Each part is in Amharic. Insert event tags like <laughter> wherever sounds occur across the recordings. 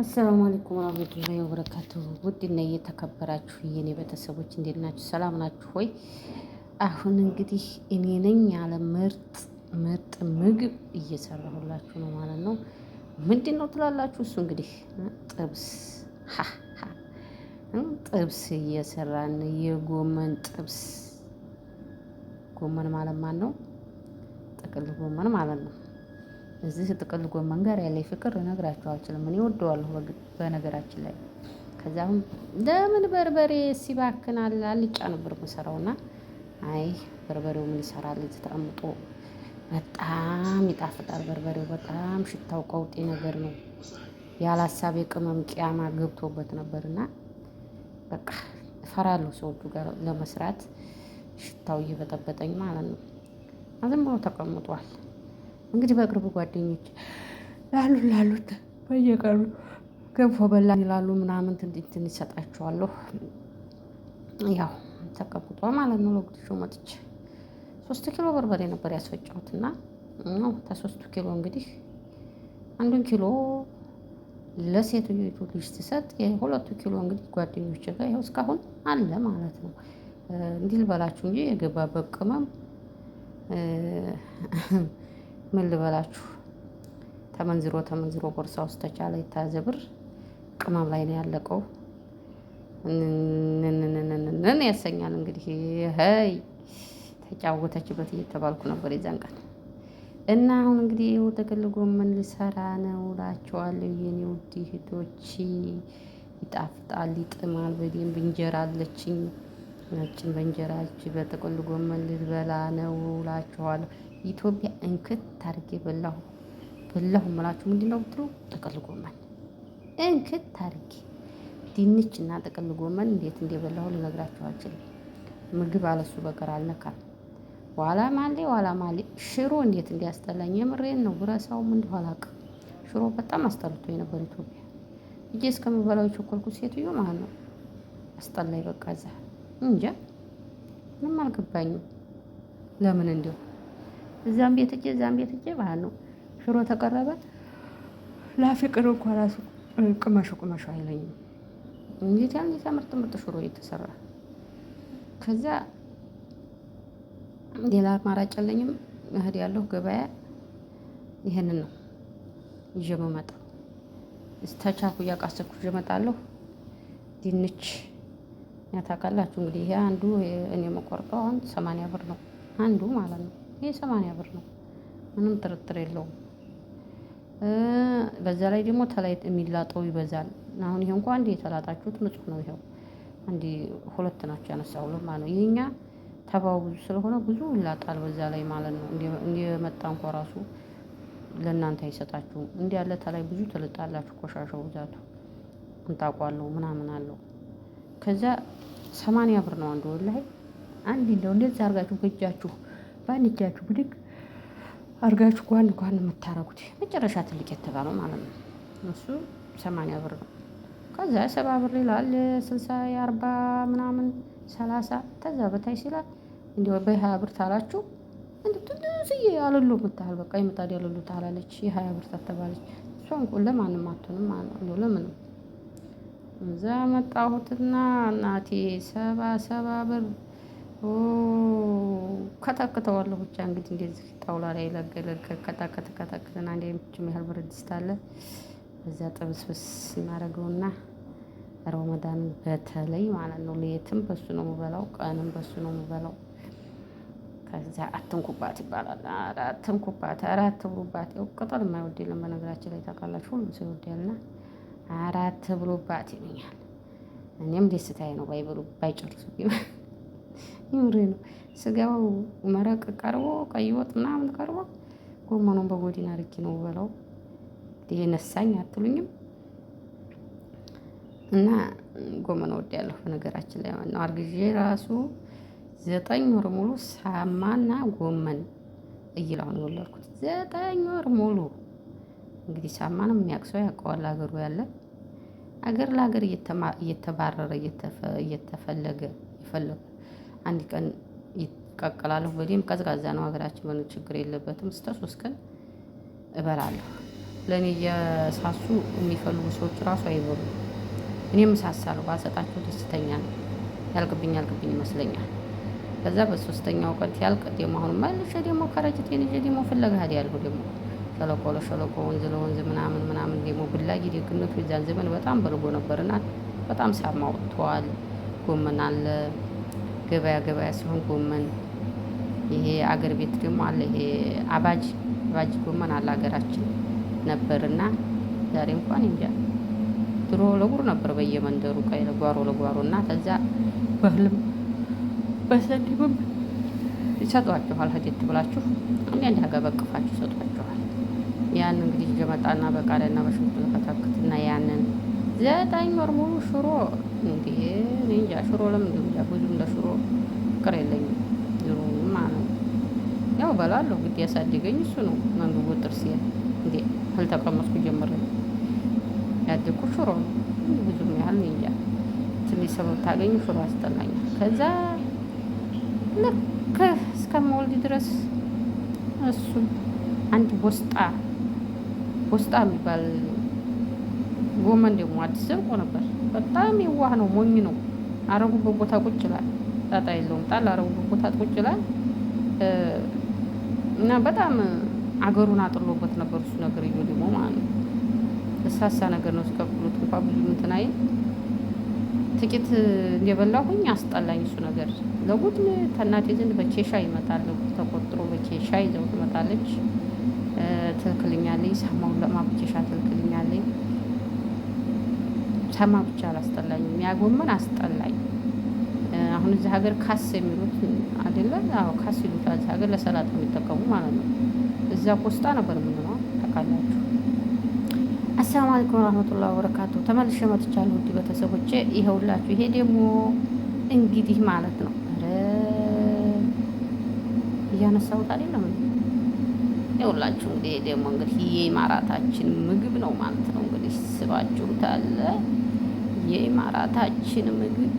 አሰላሙ አለይኩም ወራህመቱላሂ ወበረካቱሁ። ውድና እየተከበራችሁ የኔ ቤተሰቦች እንዴት ናችሁ? ሰላም ናችሁ ሆይ? አሁን እንግዲህ እኔ ነኝ ያለ ምርጥ ምርጥ ምግብ እየሰራሁላችሁ ነው ማለት ነው። ምንድን ነው ትላላችሁ? እሱ እንግዲህ ጥብስ ጥብስ እየሰራን የጎመን ጥብስ ጎመን ማለት ማን ነው? ጥቅል ጎመን ማለት ነው። እዚህ ጥቅል ጎመን ጋር ያለ ፍቅር እነግራችሁ አልችልም። እኔ እወደዋለሁ በነገራችን ላይ። ከዛ አሁን ለምን በርበሬ ሲባክናል አልጫ ነበር የምሰራውና አይ በርበሬው ምን ይሰራል እዚህ ተቀምጦ በጣም ይጣፍጣል። በርበሬው በጣም ሽታው ቀውጤ ነገር ነው። ያለ ሀሳብ የቅመም ቅያማ ገብቶበት ነበርና በቃ እፈራለሁ ሰዎቹ ጋር ለመስራት ሽታው እየበጠበጠኝ ማለት ነው። አዝም አዝማው ተቀምጧል። እንግዲህ በቅርቡ ጓደኞች ላሉት ላሉት በየቀኑ ገንፎ በላን ይላሉ ምናምን እንትን ይሰጣችኋለሁ። ያው ተቀብጧ ማለት ነው። ለጉድሾ መጥቼ ሶስት ኪሎ በርበሬ ነበር ያስፈጫሁት እና ተሶስቱ ኪሎ እንግዲህ አንዱን ኪሎ ለሴትዮቱ ልጅ ትሰጥ የሁለቱ ኪሎ እንግዲህ ጓደኞች ጋር ይኸው እስካሁን አለ ማለት ነው። እንዲህ ልበላችሁ እንጂ የገባበት ቅመም ምን ልበላችሁ ተመንዝሮ ተመንዝሮ ቦርሳ ውስጥ ተቻለ የተያዘ ብር ቅመም ላይ ነው ያለቀው። ንን ያሰኛል እንግዲህ ይ ተጫወተችበት እየተባልኩ ነበር የዛን ቀን እና አሁን እንግዲህ ይኸው ጥቅል ጎመን ልሰራ ነው እላቸዋለሁ። የኔ ውድ እህቶች ይጣፍጣል፣ ይጥማል በደንብ እንጀራ አለችኝ። ናችን እጅ በጥቅል ጎመን ልበላ ነው እላቸዋለሁ። ኢትዮጵያ እንክት ታርጌ በላሁ በላሁ ምላችሁ ምንድን ነው ብትሉ ጥቅል ጎመን እንክት ታርጌ ድንች እና ጥቅል ጎመን እንዴት እንደበላሁ ልነግራችሁ አልችልም። ምግብ አለሱ በቀር አልነካም። ዋላ ማሌ ዋላ ማሌ ሽሮ እንዴት እንዲያስጠላኝ የምሬን ነው። ብረሳውም እንዲሁ አላውቅም። ሽሮ በጣም አስጠልቶ የነበር ኢትዮጵያ እጄ እስከምበላው የቸኮልኩት ሴትዮ ማለት ነው። አስጠላይ በቃ እዛ እንጃ ምንም አልገባኝም ለምን እንዲሁ እዛም ቤት እጄ እዛም ቤት እጄ ማለት ነው። ሽሮ ተቀረበ ላፍቅር እንኳ ራሱ ቅመሹ ቅመሹ አይለኝም። እንዴት ያን ጌታ ምርጥ ምርጥ ሽሮ የተሰራ ከዛ ሌላ አማራጭ የለኝም። እህድ ያለሁ ገበያ ይህንን ነው ይዤ የምመጣው። እስተቻኩ እያቃሰኩ ይዤ እመጣለሁ። ድንች ያታውቃላችሁ እንግዲህ ይሄ አንዱ እኔ መቆርጠው አሁን ሰማንያ ብር ነው አንዱ ማለት ነው። ይሄ ሰማንያ ብር ነው፣ ምንም ጥርጥር የለውም። በዛ ላይ ደግሞ ተላይ የሚላጠው ይበዛል። አሁን ይሄ እንኳ አንድ የተላጣችሁት ንጹህ ነው። ይሄው አንድ ሁለት ናቸው ያነሳው ለማ ነው። ይሄኛ ተባው ብዙ ስለሆነ ብዙ ይላጣል በዛ ላይ ማለት ነው። እንደመጣ እንኳ ራሱ ለእናንተ አይሰጣችሁም። እንዲህ ያለ ተላይ ብዙ ትልጣላችሁ። ቆሻሻው ብዛቱ እንጣቋለሁ ምናምን አለው። ከዛ ሰማንያ ብር ነው አንዱ ወላሂ አንድ እንደው እንደዛ አድርጋችሁ ገጃችሁ በአንድ እጃችሁ ብድግ አርጋችሁ ጓን ጓን የምታረጉት መጨረሻ ትልቅ የተባለው ማለት ነው። እሱ ሰማንያ ብር ነው። ከዛ ሰባ ብር ይላል ስልሳ የአርባ ምናምን ሰላሳ ተዛ በታይ ሲላል እንዲ በሀያ ብር ታላችሁ እንዲ ትንስዬ አለሎ ምታል በቃ ይመጣል ያለሎ ታላለች የሀያ ብር ታተባለች። እሷን ቁ ለማንም አትሆንም እንዲ ለምንም እዛ መጣሁትና እናቴ ሰባ ሰባ ብር ከታከተዋለሁ ብቻ እንግዲህ እንደዚህ ጣውላ ላይ ለገለ ከታከተ ከታከተና አንድ የምችም ያህል ብረት ድስት አለ። በዛ ጥብስብስ እናደርገውና ረመዳን በተለይ ማለት ነው ለየትም በሱ ነው የምበላው፣ ቀንም በሱ ነው የምበላው። ከዛ አትንኩባት ይባላል። አትንኩባት፣ ኧረ አትብሉባት። ያው ቅጠል የማይወድ የለም በነገራችን ላይ ታውቃላችሁ፣ ሁሉ ሰው ይወዳልና ኧረ አትብሉባት ይሉኛል። እኔም ደስታዬ ነው ባይበሉ ባይጨርሱ የምሬ ነው። ስጋው መረቅ ቀርቦ ቀይ ወጥ ምናምን ቀርቦ ጎመኑን በጎዲን አድርጌ ነው በለው። ይሄ ነሳኝ አትሉኝም? እና ጎመን እወዳለሁ። በነገራችን ላይ ነው አርግዤ ራሱ ዘጠኝ ወር ሙሉ ሳማና ጎመን እይለው ነው የወለድኩት። ዘጠኝ ወር ሙሉ እንግዲህ ሳማ ነው የሚያቅሰው ያውቀዋል። አገሩ ያለ አገር ለሀገር እየተባረረ እየተፈለገ ይፈለጉ አንድ ቀን ይቀቅላለሁ። በደንብ ቀዝቃዛ ነው ሀገራችን ችግር የለበትም። እስከ ሶስት ቀን እበላለሁ። ለእኔ እየሳሱ የሚፈልጉ ሰዎች ራሱ አይበሉም። እኔም እሳሳለሁ። ባሰጣቸው ደስተኛ ነው። ያልቅብኝ ያልቅብኝ ይመስለኛል። ከዛ በሶስተኛው ቀን ያልቅ ደግሞ አሁን መልሼ ደግሞ ከረጅቴን ይዤ ደግሞ ፍለጋ ሄዳለሁ። ደግሞ ሸለቆ ለሸለቆ ወንዝ ለወንዝ ምናምን ምናምን ደግሞ ብላጊ ደግነቱ የዛን ዘመን በጣም በልጎ ነበርና በጣም ሳማ ወጥተዋል። ጎመን አለ ገበያ ገበያ ሲሆን ጎመን ይሄ አገር ቤት ደግሞ አለ። ይሄ አባጅ አባጅ ጎመን አለ ሀገራችን ነበር ነበርና ዛሬ እንኳን እንጃ። ድሮ ለጉሩ ነበር በየመንደሩ ቀይ ለጓሮ ለጓሮ እና ከዛ በህልም በሰንዲብም ይሰጧችኋል። ሂደት ብላችሁ አንዳንድ ሀገር በቅፋችሁ ይሰጧችኋል። ያን እንግዲህ ጀመጣና በቃሪያና በሽንኩርት ለከታክትና ያንን ዘጠኝ ወር ሙሉ ሽሮ እንዴ እኔ እንጃ ሽሮ ለምን እንጃ ብዙም ለሽሮ ፍቅር የለኝም። ድሮ ነው ያው በላለሁ ግድ ያሳደገኝ እሱ ነው። መንግቡ ጥርሴ እንዴ አልተቀመስኩ ጀምሬ ያደግኩ ሽሮ ነው። ብዙም ያህል እኔ እንጃ ትንሽ ሰበብ ታገኝ ሽሮ አስጠላኛል። ከዛ ልክ እስከመወልድ ድረስ እሱም አንድ ቦስጣ ቦስጣ የሚባል ጎመን ደግሞ አዲስ ዘብቆ ነበር በጣም የዋህ ነው፣ ሞኝ ነው። አረጉበት ቦታ ቁጭ ይላል። ጣጣ የለውም። ጣል አረጉበት ቦታ ቁጭ ይላል እና በጣም አገሩን አጥሎበት ነበር እሱ ነገር እዩ ደግሞ ማለት ነው። እሳሳ ነገር ነው። እስከብሎት እንኳ ብዙ እንትን አይል ጥቂት እንደበላሁኝ አስጠላኝ እሱ ነገር። ለቡድን ተናቴ ዘንድ በኬሻ ይመጣል። ለጉድ ተቆጥሮ በኬሻ ይዘው ትመጣለች። ትልክልኛለኝ፣ ሳማውን ለማ በኬሻ ትልክልኛለኝ ተማ ብቻ አላስጠላኝም። ያ ጎመን አስጠላኝ። አሁን እዚህ ሀገር ካስ የሚሉት አይደለ? አዎ ካስ ይሉታል እዚህ ሀገር ለሰላጣ የሚጠቀሙ ማለት ነው። እዛ ኮስጣ ነበር የምንለው ታውቃላችሁ። አሰላሙ አለይኩም ወራህመቱላሂ ወበረካቱ። ተመልሼ መጥቻለሁ ውድ ቤተሰቦቼ። ይኸውላችሁ ይሄ ደግሞ እንግዲህ ማለት ነው እያነሳሁት አይደለም ይኸውላችሁ እንግዲህ ደግሞ እንግዲህ የማራታችን ምግብ ነው ማለት ነው እንግዲህ ስባችሁታል። የኢማራታችን ምግብ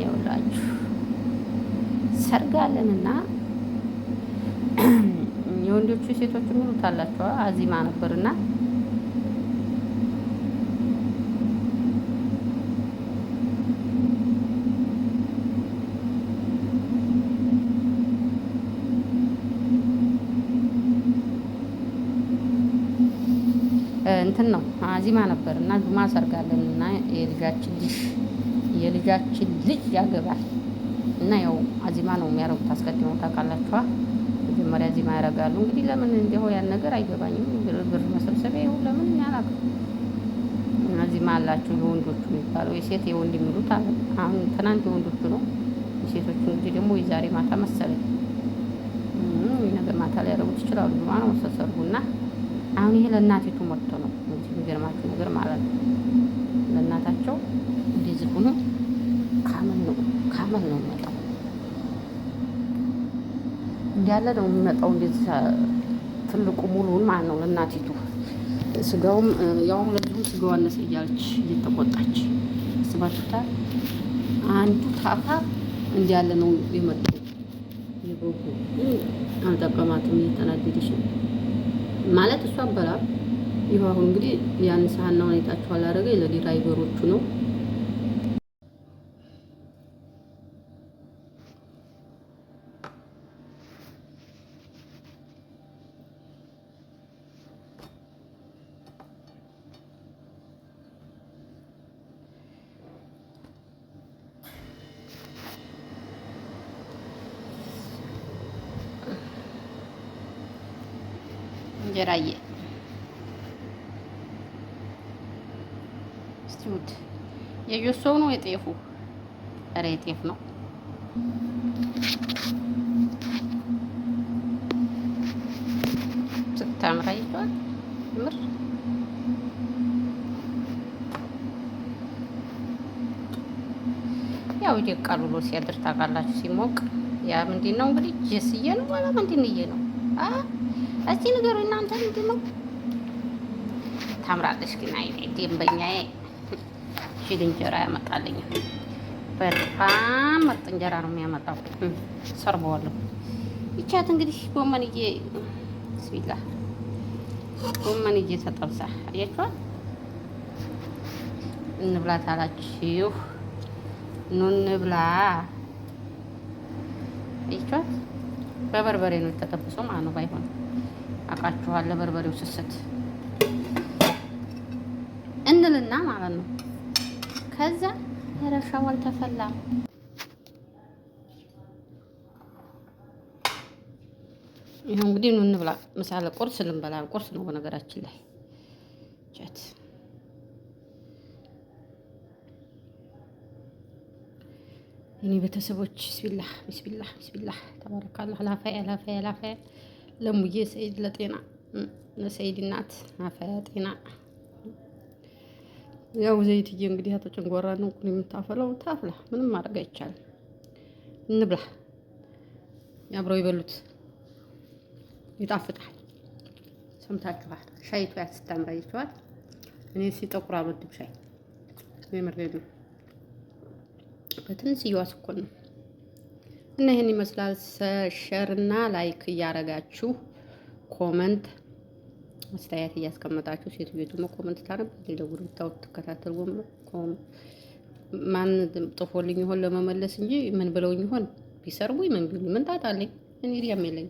ይኸውላችሁ ሰርጋለንና የወንዶቹ ሴቶቹ ሙሉ ታላቸዋ አዚማ ነበርና እንትን ነው አዚማ ነበር እና ጁማ ሰርጋለን እና የልጃችን ልጅ የልጃችን ልጅ ያገባል እና ያው አዚማ ነው የሚያደርጉት አስቀድመው ታውቃላችኋ። መጀመሪያ አዚማ ያደርጋሉ። እንግዲህ ለምን እንዲሁ ያን ነገር አይገባኝም። ግርግር መሰብሰቢያ ይኸው ለምን ያላቅ አዚማ አላችሁ። የወንዶቹ የሚባለው የሴት የወንድ የሚሉት አለ። አሁን ትናንት የወንዶቹ ነው። የሴቶቹ እንግዲህ ደግሞ የዛሬ ማታ መሰለኝ ነገር ማታ ላይ ያደረጉት ይችላሉ። ጁማ ነው መሰሰርጉና አሁን ይሄ ለእናቲቱ ሞቶ ነው እንጂ የሚገርማችሁ ነገር ማለት ነው። ለእናታቸው እንደዚህ ሆኖ ካመል ነው ካመን ነው የሚመጣው እንዳለ ነው የሚመጣው እንደዚህ ትልቁ ሙሉውን ማለት ነው ለእናቲቱ ስጋውም ያውም ለዚሁም ስጋው አነሰ እያለች እየተቆጣች አስባችሁታል። አንዱ ታፋ እንዲያለ ነው የመጡ የበጉ አልጠቀማትም እየተናደደች ነው። ማለት እሷ አበላል ይኸው አሁን እንግዲህ ያን ሳህና ሁኔታቸው አላደረገ ለድራይቨሮቹ ነው እንጀራዬ እስቲ የጆሶው ነው የጤፉ ኧረ የጤፍ ነው ስታምራ ይቷል ምር ያው ይደቃል ብሎ ሲያድር ታውቃላችሁ ሲሞቅ ያ ምንድን ነው እንግዲህ ጀስዬ ነው ዋላ ምንድን ነው ነው እስቲ ንገሩ እናንተ ምንድን ነው? ታምራለች ግን አይ ደንበኛዬ ሽል እንጀራ ያመጣልኝ። በጣም ምርጥ እንጀራ ነው የሚያመጣው። ሰርበዋለሁ። ይቻት እንግዲህ ጎመንዬ ስቢላ ጎመንዬ ተጠብሳ አያችኋል። እንብላ ታላችሁ ኑ እንብላ በበርበሬ ነው የተጠብሰው ማለት ነው ባይሆን አውቃችኋለሁ። በርበሬው ስስት እንልና ማለት ነው። ከዛ ረሻው አልተፈላም። ይሄ እንግዲህ ኑ እንብላ። ምሳሌ ቁርስ ልንበላ ቁርስ ነው በነገራችን ላይ ቻት እኔ ቤተሰቦች ቢስሚላህ ቢስሚላህ ቢስሚላህ ተባረካላህ ላፋ ላፋ ላፋ ለሙዬ ሰይድ ለጤና ለሰይድ እናት አፈያ ጤና። ያው ዘይትዬ እንግዲህ አቶ ጭንጓራ ነው የምታፈለው። ታፍላ ምንም ማድረግ አይቻልም። እንብላ አብረው ይበሉት ይጣፍጣል። ሰምታችኋል። ሻይቱ ያስታምራችኋል። እኔ ሲጠቁር አልወድም ሻይ ነው ነው። በትንሽ ነው እና ይህን ይመስላል። ሸር እና ላይክ እያረጋችሁ ኮመንት አስተያየት እያስቀመጣችሁ ሴቱ ቤቱ ኮመንት ታረብ ሌለ ጉድ ብታወቅ ትከታተል ማን ጥፎልኝ ይሆን ለመመለስ እንጂ ምን ብለውኝ ይሆን ቢሰርቡኝ ምን ቢሉ ምን ታጣለኝ? እኔ ሪያም የለኝ።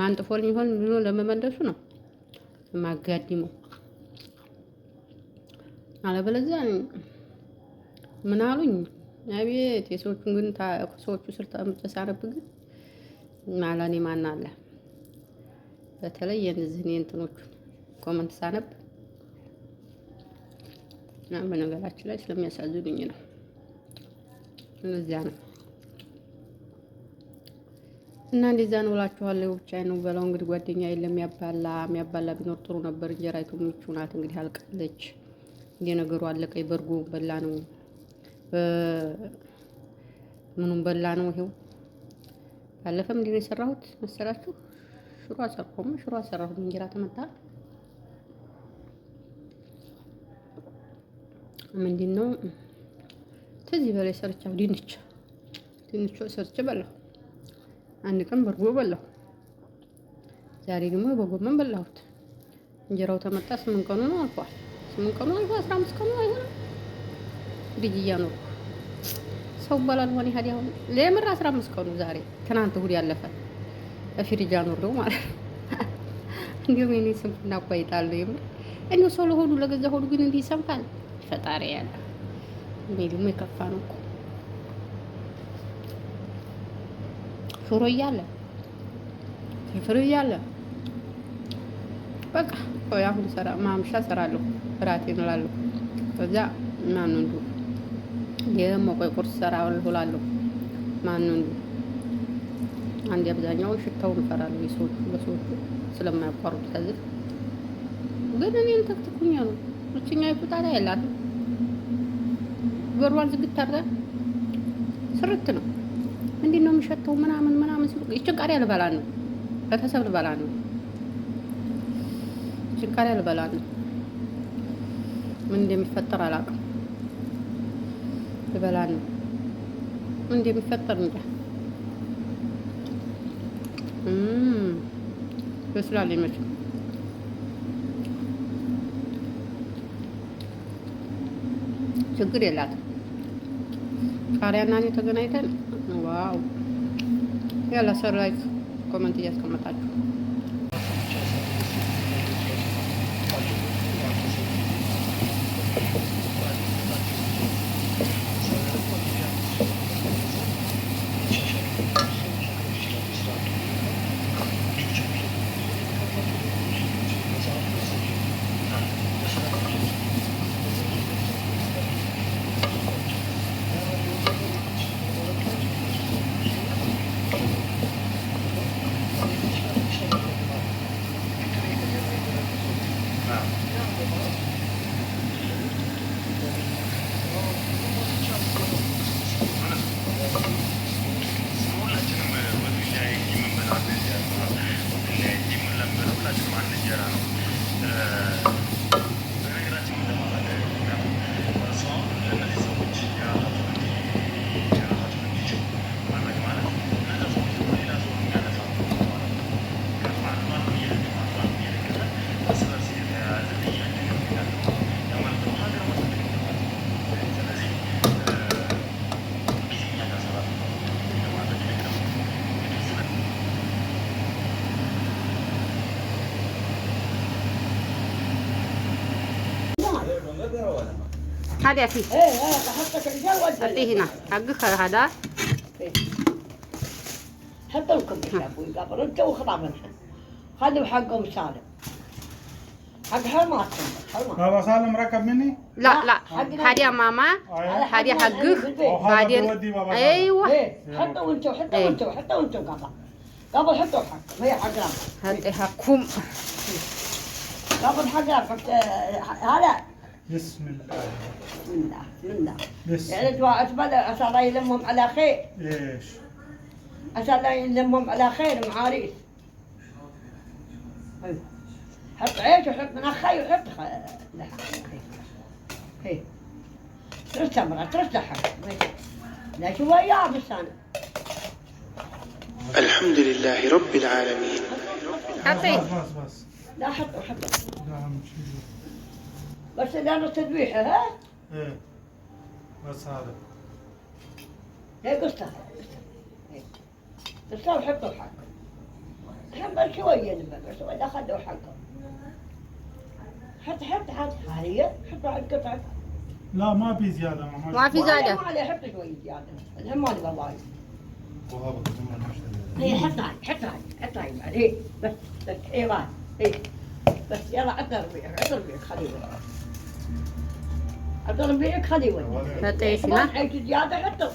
ማን ጥፎልኝ ይሆን ብሎ ለመመለሱ ነው ማጋዲመው። አለበለዚያ ምን አሉኝ አቤት የሰዎቹን ግን ሰዎቹ ስር ተቀምጬ ሳነብ ግን ማላኔ ማን አለ በተለይ የእነዚህን የእንትኖቹን ኮመንት ሳነብ ምናምን በነገራችን ላይ ስለሚያሳዝኑኝ ነው። እዚያ ነው እና እንደዛ ነው እላችኋለሁ። ብቻዬን ነው በለው እንግዲህ ጓደኛ የለም ያባላ የሚያባላ ቢኖር ጥሩ ነበር። እንጀራይቱ ምቹ ናት እንግዲህ አልቃለች። የነገሩ አለቀ። በርጎ በላ ነው ምኑን በላ ነው ይሄው ባለፈ ነው የሰራሁት መሰላችሁ? ሽሮ አሰራሁም ሽሮ አሰራሁም እንጀራ ተመታ። ነው ከዚህ በላይ ሰርቻው ድንች ድንች ሰርቼ በላሁ። አንድ ቀን በርጎ በላሁ። ዛሬ ደግሞ በጎመን በላሁት። እንጀራው ተመጣ። ስምንት ቀኑ ነው አልፏል። ስምንት ቀኑ አልፏል። አስራ አምስት ቀኑ አይሆንም ልጅ እያኖሩ ሰው ይባላል ሆነ ይሄድ ያሁን ለምር 15 ቀኑ ዛሬ ትናንት እሑድ ያለፈ ፍሪጅ አኖረው ማለት ነው። <laughs> እንዲሁም እኔ ስንፍና እኮ አይጣለሁ የምር እኔ ሰው ለሆዱ ለገዛ ሆዱ ግን እንዲህ ይሰንፋል። ፈጣሪ ያለ እኔ ደግሞ የከፋ ነው እኮ ሽሮ እያለ ፍርፍር እያለ በቃ አሁን ሰራ ማምሻ ሰራለሁ እራቴን እላለሁ ከዛ ማን ነው ይህም ቆይ ቁርስ ሰራ እውላለሁ። ማንን አንድ አብዛኛው ሽታው ይፈራሉ የሰዎቹ ለሰዎቹ ስለማያቋርጡ ከዚህ ግን እኔን ተክትኩኛ ነው እችኛ ይቁጣታ ያላት በሯን ዝግት አድርጋ ስርት ነው። እንዴት ነው የሚሸተው? ምናምን ምናምን ሲሉ ይችን ቃሪያ ልበላ ነው፣ ቤተሰብ ልበላ ነው፣ ይችን ቃሪያ ልበላ ነው። ምን እንደሚፈጠር አላውቅም። ልበላ ነው እንደሚፈጠር እንጃ። በስላል ይመስል ችግር የላትም። ቃሪያና እኔ ተገናኝተን ዋው ያላሰራችሁ ኮመንት እያስቀመጣችሁ هذا يا فيه ايه, إيه، هنا حقك هذا إيه. حط لكم يا نعم. ابوي انت خضع منها خلوا حقهم سالم حق حرمات بابا سالم ركب مني؟ لا لا هذه يا ماما آه، هذه حقك بعدين ايوه إيه، حطوا انتوا حطوا انتوا حطوا انتوا قبل قبل حطوا حق هي حقنا رامك حقكم قبل حقنا آه، هذا بسم الله بسم الله بسم الله بسم يعني دعاء بدر عسى الله يلمهم على خير ايش عسى الله يلمهم على خير معاريس حط عيش وحط منخي وحط خ... لحم ترس تمرة ترس لحم لا شو وياه بسانة الحمد لله رب العالمين أعطيه لا حط حط بس انا تذبيحه ها؟ ايه بس هذا ايه قصته بس لو حطوا الحق حمل شوية لما بس وإذا أخذوا حقهم حط حط حط حاليا حط على القطعة لا ما في زيادة ما ما في زيادة ما عليه حط شوية زيادة الهم ما نبغى وايد هي حط هاي حط هاي حط هاي بعد إيه، بس بس هي إيه، إيه، بس يلا عطنا ربيع عطنا ربيع خليه ಅದರ ಬೇಕಾದಿವ ಮತ್ತೆ ಸಿಲ ಯಾತ ಕಟ್ಟು